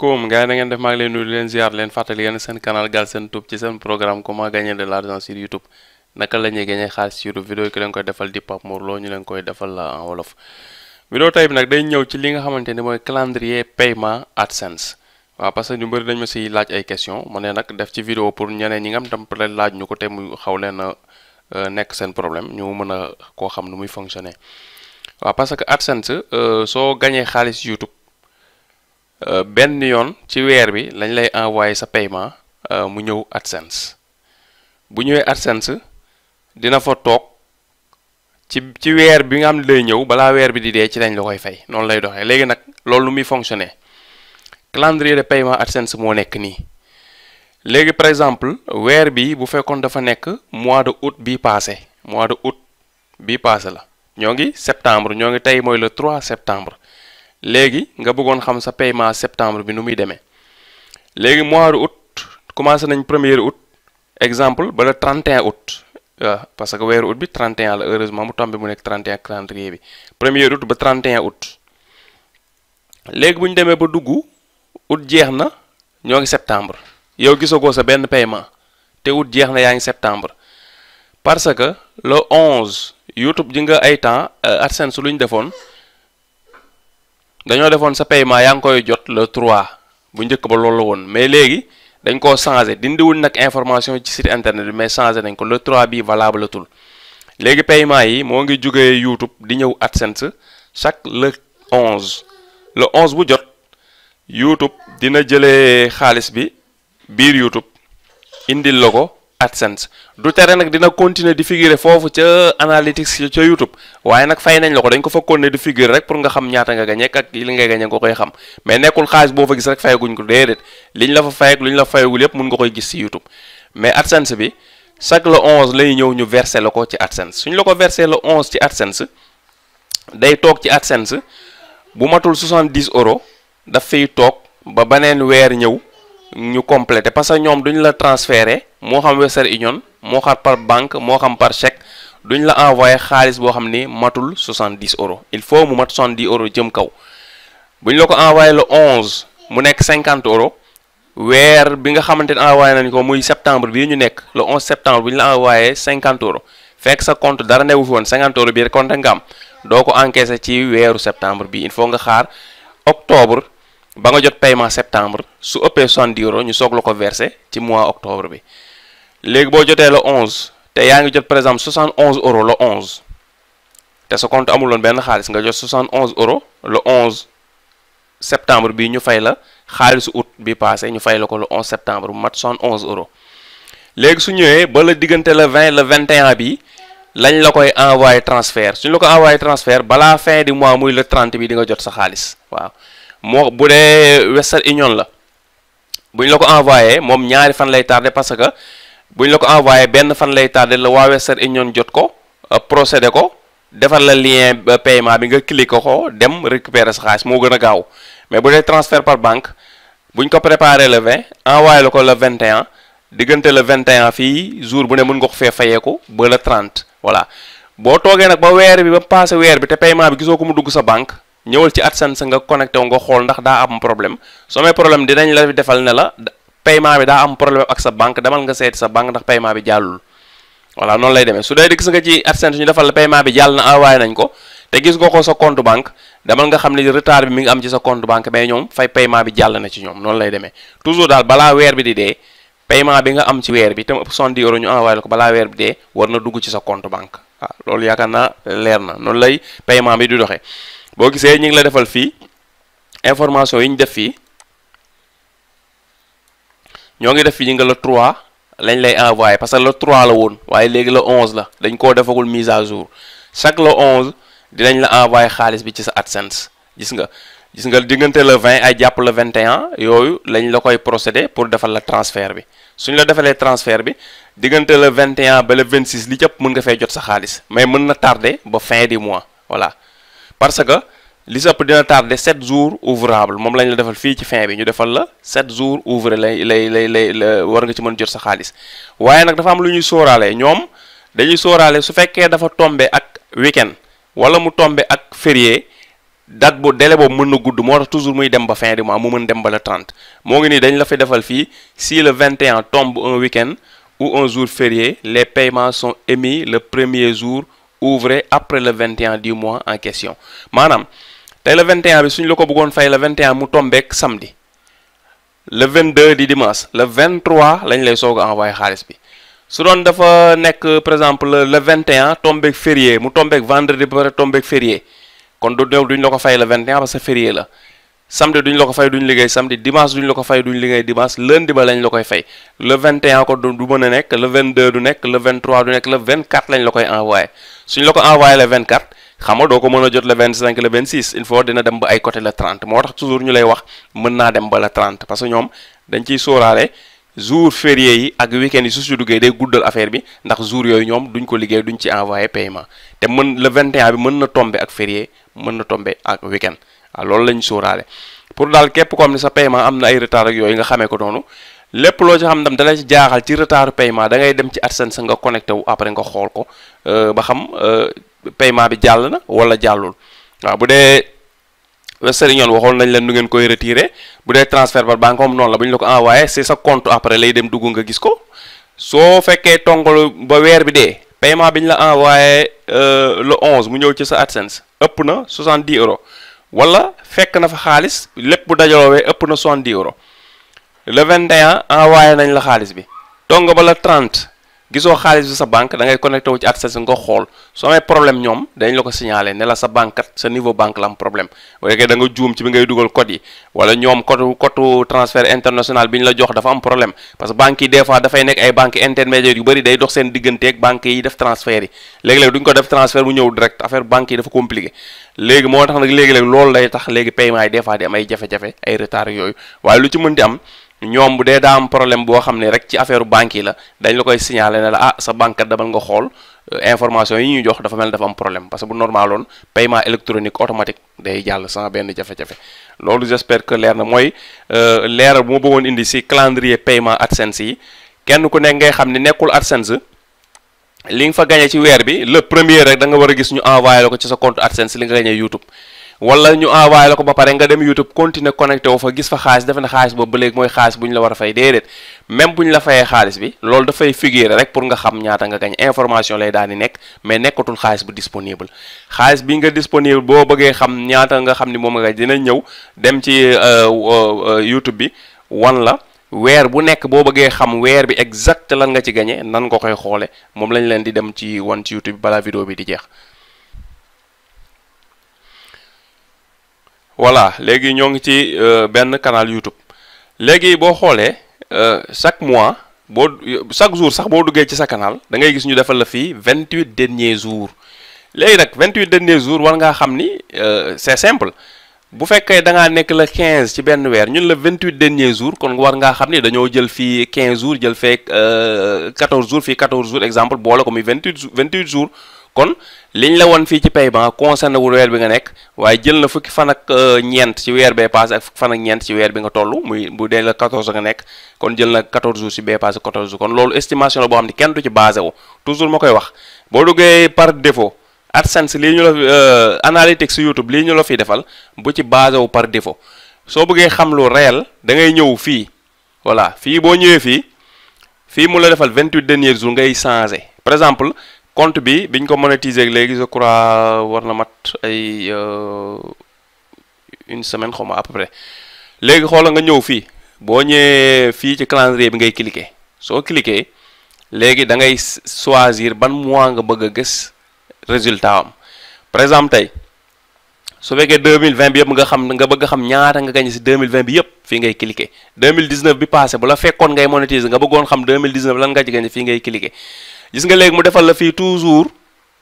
salaamaaleykum gars yi na ngeen def maa ngi leen nuyu leen ziar leen fàttali ngeen seen canal Galsen Tube ci seen programme comment gagner de l'argent YouTube naka la ñuy Lo ñu leen koy defal la en ci li nga xamante ni mooy calendrier paiement AdSense waaw parce que ñu bëri dañ ma siy laaj ay question ma ne nag def ci vidéo pour ñeneen ñi nga tam peut être laaj ñu ko te mu xaw leen euh, nekk seen problème ñu mën koo xam nu muy fonctionner waaw parce que AdSense euh, soo gagner xaalis YouTube. Euh, benn yoon ci weer bi lañ lay envoyé sa paiement euh, mu ñëw AdSense bu ñëwee AdSense dina fa toog ci ci weer bi nga xam ne lay ñëw balaa weer bi di dee ci lañ la koy fay noonu lay doxee léegi nag loolu lu muy fonctionné calendrier de paiement AdSense moo nekk nii léegi par exemple weer bi bu fekkoon dafa nekk mois de août bii passé mois de août bi passé la ñoo ngi septembre ñoo ngi tey mooy le trois septembre léegi nga bëggoon xam sa paiement septembre bi nu muy demee léegi mois d'août commencé nañ première août exemple ba le 31 août waaw parce que weeru août bi 31 la heureusement mu tombé mu nekk 31 calendrier bi premier août ba 31 août léegi bu ñu demee ba dugg août jeex na ñoo ngi septembre yow gisagoo sa benn paiement te août jeex na yaa ngi septembre parce que le 11 YouTube ji nga ay temps AdSense lu ñu defoon. dañoo defoon sa paiement yaa ngi koy jot le 3 bu njëkk ba loolu la woon mais léegi dañ koo changé dindiwul nag information ci site internet bi mais changé nañ ko le 3 bii valable tul léegi paiement yi moo ngi jógee YouTube di ñëw AdSense chaque le 11 le onze bu jot YouTube dina jëlee xaalis bi biir YouTube indil la ko. AdSense du tere nag dina continuer di figurer foofu ca analytics ca YouTube waaye nag fay nañ la ko dañ ko fa continuer di figurer rek pour nga xam ñaata nga gañeek ak li nga gañe nga koy xam mais nekkul xaalis boo fa gis rek fayaguñ ko déedéet liñ la fa fay ak luñ la fayagul yépp mun nga koy gis ci YouTube mais AdSense bi chaque le 11 lay ñëw ñu verser la ko ci AdSense suñ la ko verser le 11 ci AdSense day toog ci AdSense bu matul 70 euros daf fiy toog ba beneen weer ñëw. ñu complété parce que ñoom duñu la transféré moo xam Western Union moo xam par banque moo xam par chèque duñu la envoyé xaalis boo xam ni matul 70 euros il faut mu mat 70 euros jëm kaw buñ la ko envoyé la 11 mu nekk 50 euros weer bi nga xamante ne envoyé nañ ko muy septembre bii ñu nekk le 11 septembre bu ñu la envoyé 50 euros fekk sa compte dara newu fi woon 50 euros bi rek compte nga am doo ko encaissé ci weeru septembre bi il faut nga xaar octobre. ba nga jot paiement septembre su ëppee 70 euros ñu soog la ko verser ci mois octobre bi léegi boo jotee la onze te yaa ngi jot par exemple 71 euros le 11 te sa amuloon benn xaalis nga jot 71 euros le 11 septembre bi ñu fay la xaalisu août bi passé ñu fay la ko la 11 septembre mu mat onze euros léegi su ñëwee ba la diggante la vingt le 21 bi lañ la koy envoyé transfert suñ la ko envoyé transfert balaa fin du mois muy le 30 bi di nga jot sa xaalis waaw. moo bu dee Western Union la bu ñu la ko envoyé moom ñaari fan lay tardé parce que bu ñu la ko envoyé benn fan lay tardé la waa Western Union jot ko euh, procédé ko defal la lien euh, paiement bi nga cliqué ko dem récupérer sa xaalis moo gën a gaaw mais bu dee transfert par banque bu ñu ko préparé le vingt envoyé la ko le 21 diggante le 21 fii jour bu ne mën nga ko fee fayeeku ba le 30 voilà boo toogee nag ba weer bi ba passé weer bi te paiement bi gisoo ko mu dugg sa banque ñëwal ci AdSense nga connecté wu nga xool ndax daa am problème soo amee problème dinañ la defal ne la paiement bi daa am problème ak sa banque demal nga seeti sa banque ndax paiement bi jàllul voilà noonu lay demee su dee gis nga ci AdSense ñu defal bi jàll na envoyé nañ ko te gis nga ko sa compte banque demal nga xam ne retard bi mi ngi am ci sa compte banque mais ñoom fay paiement bi jàll na ci ñoom noonu lay demee toujours daal balaa weer bi di dee paiement bi nga am ci weer bi te mu ëpp 70 euros ñu envoyé la ko balaa weer bi dee war na dugg ci sa compte banque loolu yaakaar naa leer na noonu lay paiement bi du doxee boo gisee ñu ngi la defal fii information yi ñu def fii ñoo ngi def fii ñu nga la 3 lañ lay envoyé parce que le 3 la woon waaye léegi le 11 la dañ koo defagul mise à jour chaque le 11 dinañ la envoyé xaalis bi ci sa AdSense gis nga gis nga diggante le vingt ay jàpp le 21 yooyu lañ la koy procédé pour defal la transfert bi suñ la defalee transfert bi diggante la vingt 21 ba vingt 26 li jëpp mën nga fee jot sa xaalis mais mën na tardé ba fin du mois voilà. parce que li sëpp dina tardé sept jours ouvrable moom lañ la defal fii ci fin bi ñu defal la sept jours ouvré lay lay lay lay war nga ci mën jot sa xaalis waaye nag dafa am lu ñuy sóoraale ñoom dañuy sóoraale su fekkee dafa tombe ak weekend wala mu tombe ak férier date bu dele boobu mën na gudd moo tax toujours muy dem ba fin du mu mën dem ba le 30 moo ngi nii dañ la fi defal fii si le 21 tombe un weekend ou un jour férié les paiements sont émis le premier jour ouvrez après le 21 du mois en question maanaam tey le 21 bi suñ la ko bëggoon fay le 21 mu tombeek samedi le deux di dimanche le 23 lañ lay soog envoyé xaalis bi su doon dafa nekk par exemple le 21 tombeek férié mu tombeek vendredi ba pare tombeek férié kon du néew duñ la ko fay le 21 parce que férier la. samedi duñ la ko fay duñ liggéey samedi dimanche duñ la ko fay duñ liggéey dimanche lundi ba lañ la koy fay le 21 ko du mën a nekk le 22 du nekk le 23 du nekk la koy envoyé suñ ko envoyé le 24 xam nga doo ko mën a jot le 25 le 26 il faut dina dem ba ay côté le 30 moo tax toujours ñu lay wax mën naa dem ba le 30 parce que ñoom dañ ciy sóoraale jour férié yi ak week-end yi su si duggee day guddal affaire bi ndax jour yooyu ñoom duñ ko liggéey duñ ci envoyé paiement te mën le 21 bi mën na tombe ak férié mën na tombe ak waaw ah, loolu lañu sóoraale pour daal képp ko am ne sa paiement am na ay retard ak yooyu nga xamee ko noonu lépp loo ci xam dam da ci jaaxal ci retard paiement da ngay dem ci AdSense nga connecté wu après nga xool ko euh, ba xam euh, paiement bi jàll na wala jàllul waaw bu dee Western Union waxoon nañ leen nu ngeen koy retiré bu dee transfert par banque moom noonu la bu ñu la ko envoyé c'est sa compte après lay dem dugg nga gis ko soo fekkee tongalu ba weer bi dee paiement bi ñu la envoyé euh, le 11 mu ñëw ci sa AdSense ëpp na 70 euros. wala fekk na fa xaalis lépp bu dajaloowee ëpp na soixante-dix euros le 21 envoyé nañ la xaalis bi toog nga ba la 30 gisoo xaalis bi sa banque da ngay connecté wu ci access nga xool soo amee problème ñoom dañ la ko signalé ne la sa banque kat sa niveau banque la am problème bu fekkee da nga juum la jox dafa am problème parce que banques yi des fois dafay nekk ay banques intermédiaires yu bëri day dox seen digganteeg banques yi def transfert yi léegi-léegi duñ ko def transfert mu ñëw direct affaire banques yi dafa compliqué léegi moo tax léegi-léegi loolu lay tax léegi paiement yi des am ay jafe-jafe ay retard yooyu waaye ñoom bu dee daa am problème boo xam ne rek ci affaire banque yi la dañ la koy signaler ne la ah sa banque kat demal nga xool euh, information yi ñuy jox dafa mel dafa am problème parce que bu normaloon paiement électronique automatique day jàll sans benn jafe-jafe loolu j'espère que leer na mooy euh, leeral bu ma bëggoon indi si calendrier paiement AdSense yi kenn ku nekk ngay xam ni nekkul AdSense li nga fa gagné ci weer bi le premier rek da nga war a gis ñu envoyé la ko ci sa compte AdSense li nga gagné YouTube wala ñu envoyé la ko ba pare nga dem YouTube continuer connecté wu fa gis fa xaalis defe ne xaalis boobu ba léegi mooy xaalis bu ñu la war a fay déedéet même bu ñu la fayee xaalis bi loolu dafay figurer rek pour nga xam ñaata nga gañ information lay daal di nekk mais nekkatul xaalis bu disponible xaalis bi nga disponible boo bëggee xam ñaata nga xam ni moom nga dina ñëw dem ci euh, euh, euh, YouTube bi wan la weer bu nekk boo bëggee xam weer bi exact lan nga ci gañe nan nga koy xoole moom lañ leen di dem ci wan ci YouTube balaa vidéo bi di voilà léegi ñoo ngi ci euh, benn canal YouTube léegi boo xoolee euh, chaque mois boo chaque jour sax boo duggee ci sa canal da ngay gis ñu defal la fii vingt huit derniers jours léegi nag vingt huit derniers jour war ngaa xam ni euh, c'est simple bu fekkee da ngaa nekk la quinze ci benn weer ñun la vingt huit derniers jour kon war ngaa xam ni dañoo jël fii quinze jours jël fee quatorze jour fii quatorze jour exemple boole ko muy vingt huit vingt huit jours kon liñ la woon fii ci pay paiement concerné wul weer bi nga nekk waaye jël na fukki fan ak euh, ñeent ci weer bee passé ak fukki fan ak ñeent ci weer bi nga toll muy bu dee la 14 nga nekk kon jël na 14 jours ci bee passé 14 jours kon loolu estimation la boo xam ne kenn du ci basé wu toujours ma koy wax boo duggee par défaut AdSense lii ñu la euh, analytics si YouTube lii ñu la fi defal bu ci basé par défaut soo bëggee xam lu réel dangay ñëw fii voilà fii boo ñëwee fii fii mu la defal 28 derniers jours ngay changé par exemple compte bi biñ ko monétiser léegi je crois war na mat ay euh, une semaine xaw ma à peu près léegi xoola nga ñëw fii boo ñëwee fii ci calendrier bi ngay cliquer soo cliquer léegi da ngay choisir ban mois nga bëgg a gis résultat am par exemple tey su fekkee 2020 bi yëpp nga xam nga bëgg a xam ñaata nga gañ si 2020 bi yëpp fii ngay cliquer 2019 bi passé bu la fekkoon ngay monétiser nga bëggoon xam 2019 lan nga ci gañ fii gis nga léegi mu defal la fii toujours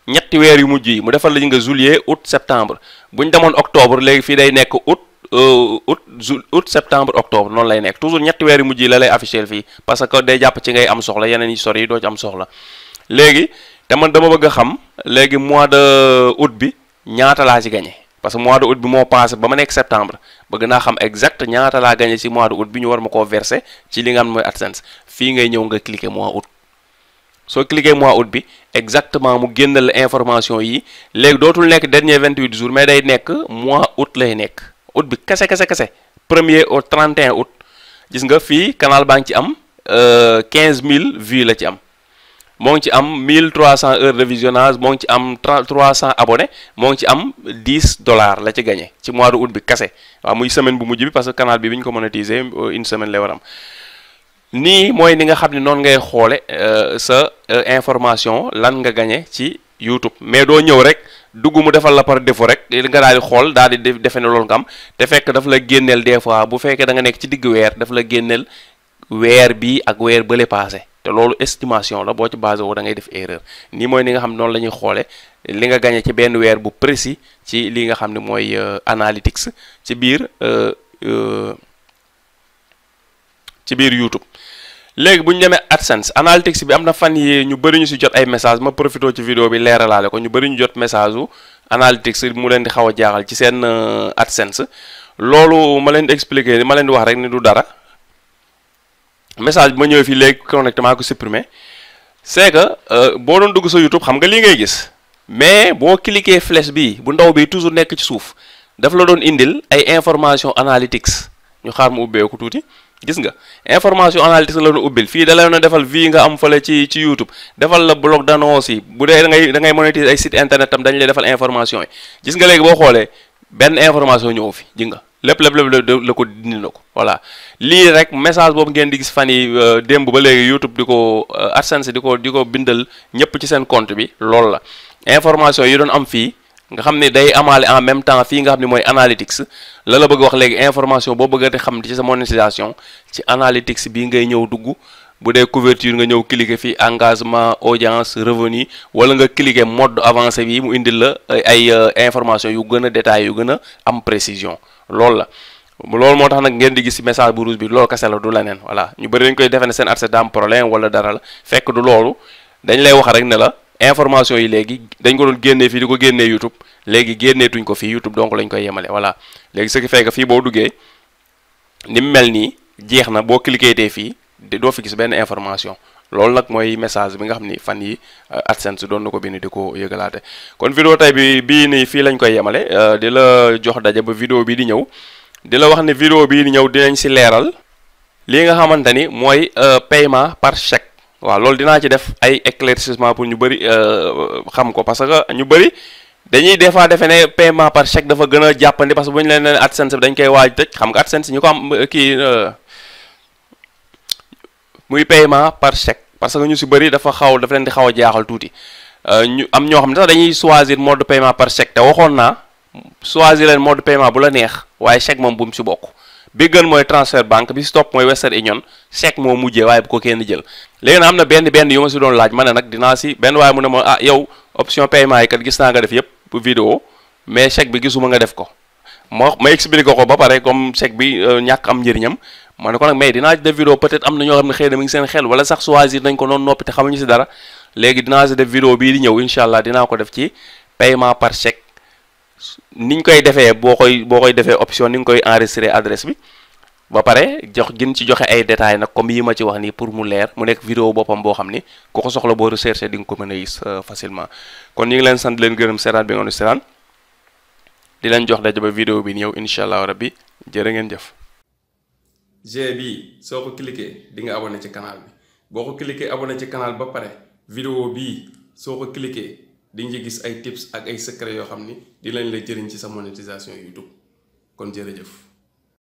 ñetti weer yu mujj yi mu defal la ñu nga juillet août septembre bu ñu demoon octobre léegi fii day nekk août euh, août août septembre octobre noonu lay nekk toujours ñetti weer yu mujj yi la lay affiché fii parce que day jàpp ci ngay am soxla yeneen yi sori yi doo am soxla léegi te dama bëgg a xam léegi mois de août bi ñaata laa ci gagné parce que mois de août bi moo passé ba ma nekk septembre bëgg naa xam exact ñaata laa gagné ci mois de août bi ñu war ma koo versé ci li nga xam mooy fii ngay ñëw nga cliqué mois août. soo cliquer mois août bi exactement mu génnal la information yi léegi dootul nekk dernier vingt huit jours mais day nekk mois août lay nekk août bi kase kase kase premier au 31 août gis nga fii canal baa ngi ci am euh, quinze mille vues la ci am moo ngi ci am mille trois cent heures de moo ngi ci am trois cent abonnés moo ngi ci am dix la ci gagné ci mois de août bi kese waaw muy semaine bu mujj bi parce que canal bi bi ñu ko monétiser euh, une semaine lay war nii mooy ni nga xam ne noonu ngay xoole euh, sa euh, information lan nga gañe ci YouTube mais doo ñëw rek dugg mu defal la par défaut rek nga daal di xool daal di defe ne loolu nga am te daf la génneel des fois bu fekkee da nga nekk ci digg weer daf la génneel weer bii ak weer bële passé te loolu estimation la boo ci basé woo da ngay def erreur nii mooy ni nga xam noon la ñuy xoole li nga gañe ci benn weer bu précis ci lii nga xam ne mooy euh, analytics ci biir ci biir YouTube léegi bu ñu demee AdSense analytics bi am na fan yi ñu bëri ñu si jot ay message ma profité ci vidéo bi leeralaale ko ñu bëri ñu jot message u analytics mu leen di xaw a jaaxal ci seen euh, AdSense loolu ma leen di expliquer ma leen di wax rek ni du dara message bi ma ñëwee fii léegi connecté maa ko supprimer c'est que euh, boo doon dugg sa YouTube xam nga lii ngay gis mais boo cliquer flèche bi bu ndaw bi toujours nekk ci suuf daf la doon indil ay information analytics ñu xaar mu ubbeeku tuuti gis nga information analytique la nu ubbil fii da leen a defal vie nga am fële ci ci YouTube defal la blog d'annonce yi bu dee da ngay da ngay monétiser ay site internet tam dañ lay defal information yi gis nga léegi boo xoolee benn information ñëw fi ji nga lépp lépp lépp la ko dindi na ko voilà lii rek message boobu ngeen di gis fan yi démb ba léegi YouTube di ko AdSense di ko di ko bindal ñëpp ci seen compte bi loolu la information yi doon am fii. nga xam ne day amaale en même temps fii nga xam ne mooy analytics la la bëgg wax léegi information boo bëgg a xam ci sa monétisation ci analytics bi ngay ñëw dugg bu dee couverture nga ñëw cliquer fii engagement audience revenu wala nga cliquer mode avancé bi mu indil la ay euh, information yu gën a détaillé yu gën a am précision loolu la loolu moo tax nag ngeen di gis message bu rouge bi loolu kese la du leneen voilà ñu bëri dañ koy defe ne seen adset daa am wala dara la du loolu dañ lay wax rek ne la information yi léegi dañ ko doon génnee fii di ko génnee YouTube léegi génneetuñ ko fii YouTube donc lañ koy yemale voilà léegi ce qui fait fii boo duggee ni mu mel nii jeex na boo cliqueetee fii doo fi gis benn information loolu nag mooy message bi nga xam ni fan yi euh, AdSense doon na ko bind di ko yëgalaate kon vidéo tey bi bii nii fii lañ koy yemale euh, di la jox daje ba vidéo bii di ñëw di la wax ne vidéo bii di ñëw dinañ si leeral li nga xamante ni mooy euh, paiement par waaw loolu dinaa ci def ay éclaircissement pour ñu bëri euh, xam ko parce que ñu bëri dañuy des fois defe ne paiement par chèque dafa gën a jàppandi parce que bañ leen leen ne AdSense bi dañ koy waaj tëj xam nga AdSense ñu ko am euh, kii euh, muy paiement par chèque parce que ñu si bëri dafa xaw dafa leen di xaw a jaaxal tuuti ñu am ñoo xam ne sax dañuy choisir mode de paiement par chèque te waxoon naa choisir leen mode de paiement bu la neex waaye chèque moom bu mu si bokk bi gën mooy transfert banque bi si topp mooy Western Union chèque moo mujjee waaye bu ko kenn jël léegi na am na benn benn yu ma si doon laaj ma nag dinaa si benn waaye mu ne ma ah yow option paiement yi kat gis naa nga def yëpp vidéo mais chèque bi gisuma nga def ko ma ma expliqué ko ba pare comme chèque bi euh, ñàkk am njëriñam ma ne ko nag mais dinaa def vidéo peut na ñoo xam ne xëy na mi ngi seen xel wala sax choisir nañ ko noonu noppi te xamuñu si dara léegi dinaa si def vidéo bii di ñëw incha allah dinaa ko def ci paiement par chèque niñ koy defee boo koy boo koy defee option ni nga koy enregistrer adresse bi ba pare jox gën ci joxe ay détails nag comme yi ma ci wax nii pour mu leer mu nekk vidéo boppam boo xam ni ku ko soxla boo recherché di nga ko mën a gis euh, facilement kon ñu ngi leen sant leen gërëm seetaan bi nga nu seetaan di leen jox daje ba vidéo bi ñëw incha allah rabbi jërë ngeen jëf. G bi soo ko cliqué di nga abonné ci canal bi boo ko cliqué abonné ci canal ba pare vidéo bii soo ko di nga gis ay tips ak ay secret yoo xam ni di lañ la jëriñ ci sa yuy YouTube kon jërëjëf.